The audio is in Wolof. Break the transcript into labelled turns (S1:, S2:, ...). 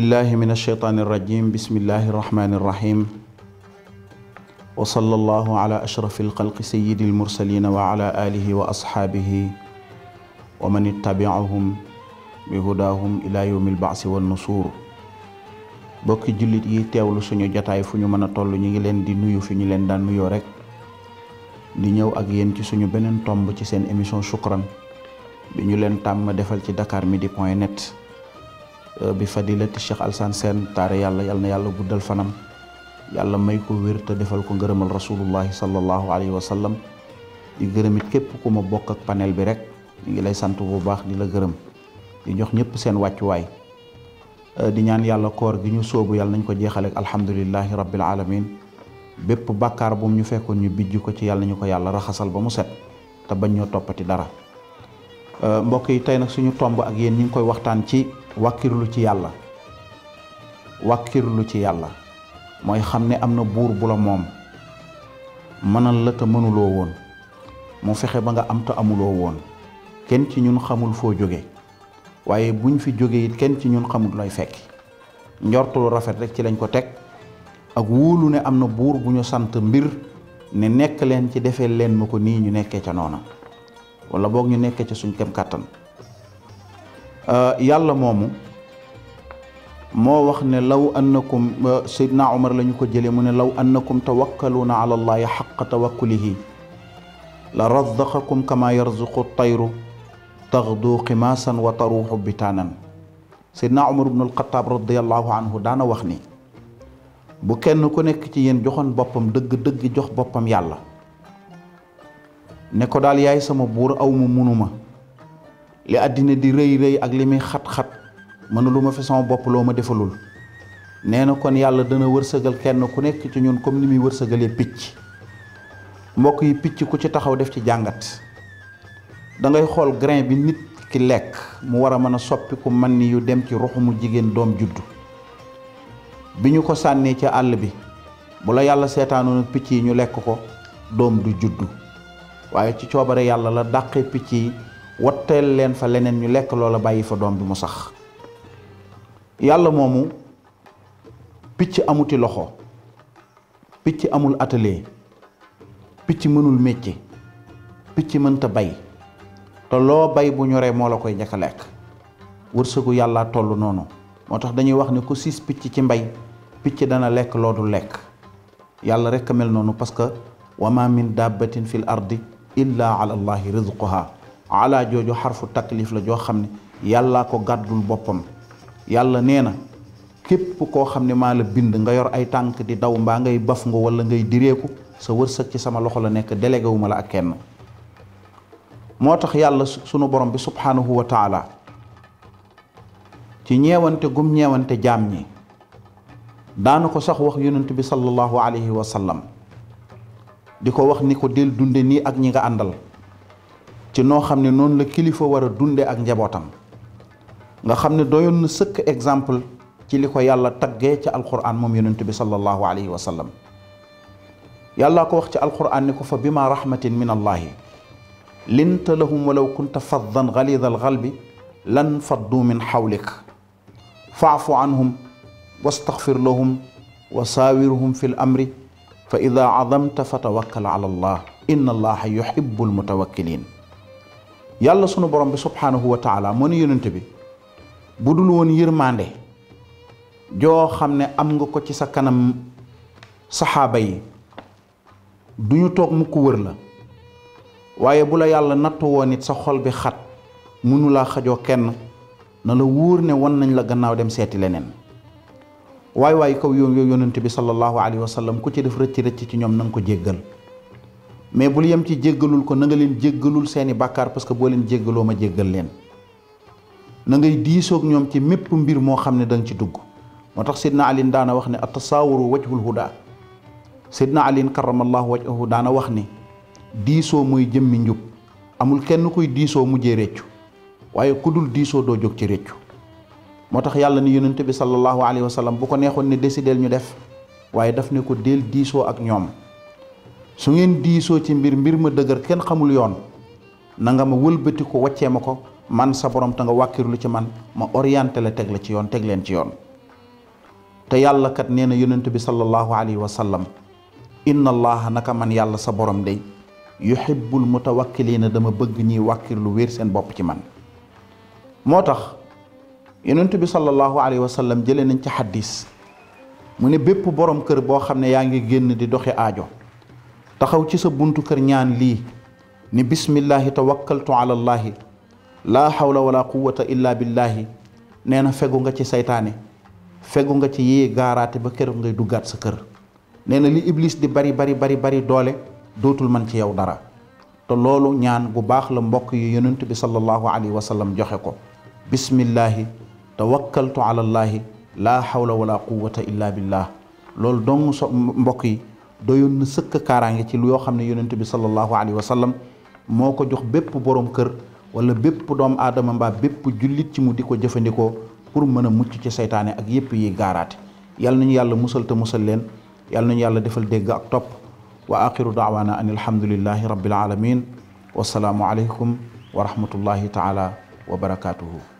S1: billahi min alsheytaani irrajim bismillahi irrahmani irrahim wa salla allahu ala ashrafi alxalqi sayidi almursalina wa ala alihi wa asxaabihi wa man ittabiahum bi hudaahum ila yawmi albaasi wannusuur bokki jullit yi teewlu suñu jataay fu ñu mën a toll ñu ngi leen di nuyu fi ñu leen daan nuyoo rek di ñëw ak yéen ci suñu beneen tomb ci seen émission shukran bi ñu leen tàmm defal ci dakar midi point net Eh, bi fadilati Cheikh Alsane Sène taare yàlla yal na yàlla guddal fanam yàlla may ko wér te defal ko ngërëmal rasulullahi sallallahu alayhi wa sallam di gërëmit képp ku ma bokk ak panel bi rek ñu ngi lay sant bu baax di la gërëm di jox ñëpp seen wàccuwaay eh, di ñaan yàlla koor gi ñu sóobu yàlla nañ ko jeexaleek alhamdulillahi rabbil alamin bépp bàkkaar bu ñu fekkoon ñu bijj ko ci yàlla ñu ko yàlla raxasal ba mu set te bañ ñoo toppati dara eh, mbokk tey nag suñu tomb ak wàkkirlu ci yàlla wàkkirlu ci yàlla mooy xam ne am na buur bu moom mënal la te mënuloo woon mu fexe ba nga am te amuloo woon kenn ci ñun xamul foo jóge waaye buñ fi jóge it kenn ci ñun xamul looy fekk njortu lu rafet rek ci lañ ko teg ak wóolu ne am na buur bu ñu sant mbir ne nekk leen ci defee leen ma ko nii ñu nekkee ca noona wala boog ñu nekkee ca suñ kem kàttan Euh, yàlla moomu moo wax ne law annakum euh, Seydina Omar lañu ko jëlee mu ne law annakum tawakkaluuna ala allahi xaqa tawakkulihi la razaqakum kama yarzuqu tayru taxdu ximaasan wa taruuxu bitaanan Seydina Omar ibnu alxataab radiallahu anhu daana wax ni bu kenn ku nekk ci yéen joxoon boppam dëgg-dëgg jox boppam yàlla ne ko daal yaay sama buur aw ma munuma li àddina di rëy rëy ak li muy xat-xat mënulu ma fi sama bopp loo ma defalul nee na kon yàlla dana wërsëgal kenn ku nekk ci ñun comme ni muy wërsëgalee picc mbokk yi picc ku ci taxaw def ci jàngat dangay xool grain bi nit ki lekk mu war a mën a soppiku man ni yu dem ci ruxumu jigéen doom juddu bi ñu ko sànnee ci àll bi bu la yàlla seetaanoon picc yi ñu lekk ko doom du juddu waaye ci coobare yàlla la dàqee picc yi watteel leen fa leneen ñu lekk loola bàyyi fa doom bi mu sax yàlla moomu picc amuti loxo picc amul atelier picc mënul métier picc mënta bay te loo bay bu ñoree moo la koy njëkk a lekk wërsëgu yàlla toll noonu moo tax dañuy wax ne ku siis picc ci mbay picc dana lekk loo du lekk yàlla rekk a mel noonu parce que wa ma min dabbatin fil ardi illa ala allahi rizquha ala jooju xarfu taklif la joo xam ne yàllaa ko gàddul boppam yàlla nee na képp koo xam ne maa la bind nga yor ay tànk di daw mbaa ngay baf nga walla ngay direeku sa wërsëg ci sama loxo la nekk délégué wu ma la ak kenn moo tax yàlla sunu borom bi subhaanahu wa taala ci ñeewante gum ñeewante jaam ñi daana ko sax wax yonent bi sallallahu alayhi wa di ko wax ni ko del dunde nii ak ñi nga àndal ci noo xam ne noonu la kilifa war a dunde ak njabootam nga xam ne doyoon na sëkk exemple ci li ko yàlla taggee ci alquran moom yonent bi sallallahu alayhi wa sallam ko wax ci alquran ni ko fa bima rahmatin min allahi linta lahum walaw kunta faddan galida alxalbi lan faddu min xawlik faafu anhum wastaxfir lahum wa fi l fa ida azamta fa tawakkal ala allah inna allaha yuhibbul yàlla sunu borom bi subhaanahu wa taala mu ne bi bu dul woon yërmande joo xam ne am nga ko ci sa kanam saxaaba yi du ñu toog mukk wër la waaye bu la yàlla nattu woon it sa xol bi xat mënu laa xajoo kenn na la wóor ne wan nañ la gannaaw dem seeti leneen waay waay kaw yow yow yonent bi sallallahu alayhi wa sallam ku ci def rëcc rëcc ci ñoom na nga ko jéggal mais bul yem ci jéggalul ko na nga leen jéggalul seeni bàkkaar parce que boo leen jéggaloo ma jéggal leen na ngay diisoog ñoom ci mépp mbir moo xam ne da nga ci dugg moo tax sidna alin daana wax ne atasaawuru wajhul huda sidna alin karamallahu wajhahu daana wax ni diisoo mooy jëmmi njub amul kenn kuy diisoo mujjee réccu waaye ku dul diisoo doo jóg ci réccu moo tax yàlla ni yonent bi sallallahu alayhi wa sallam bu ko neexoon ne décideel ñu def waaye daf ne ko del diisoo ak ñoom su ngeen diisoo ci mbir mbir ma dëgër kenn xamul yoon nanga ma wëlbati ko waccee ma ko man sa borom te nga wàkkirlu ci man ma orienté la teg la ci yoon teg leen ci yoon te yàlla kat nee na yonent bi sallallahu alayhi wa sallam inna naka man yàlla sa borom day yuhibbul mutawakkiliina dama bëgg ñiy wàkkirlu wéer seen bopp ci man moo tax yonent bi sallallahu alayhi wa sallam jëlee nañ ci xaddis mu ne bépp borom kër boo xam ne yaa ngiy génn di doxi aajo taxaw ci sa buntu kër ñaan lii ni bismillahi tawakkaltu ala allahi laa hawla wala quwata illa billahi nee na fegu nga ci seytaane fegu nga ci yee gaaraate ba kër ngay duggaat sa kër nee na li iblis di bari bari bari bari doole dootul man ci yow dara te loolu ñaan bu baax la mbokk yu yonent bi sallallahu alayhi wa sallam joxe ko bismillahi tawakkaltu ala allahi laa hawla wala quwata illa billah loolu dong so mbokk yi doyoon na sëkk kaaraange ci lu yoo xam ne yonent bi sallallahu alayhi wa sallam moo ko jox bépp boroom kër wala bépp doom aadama mbaa bépp jullit ci mu di ko jëfandikoo pour mën a mucc ci seytaane ak yépp yi gaaraate yàlla nañu yàlla musal te musal leen yàlla nañu yàlla defal dégg ak topp wa axiru daawaana an alhamdulillahi rabbil alamin wasalaamu aleykum wa rahmatullahi taala wa barakaatuhu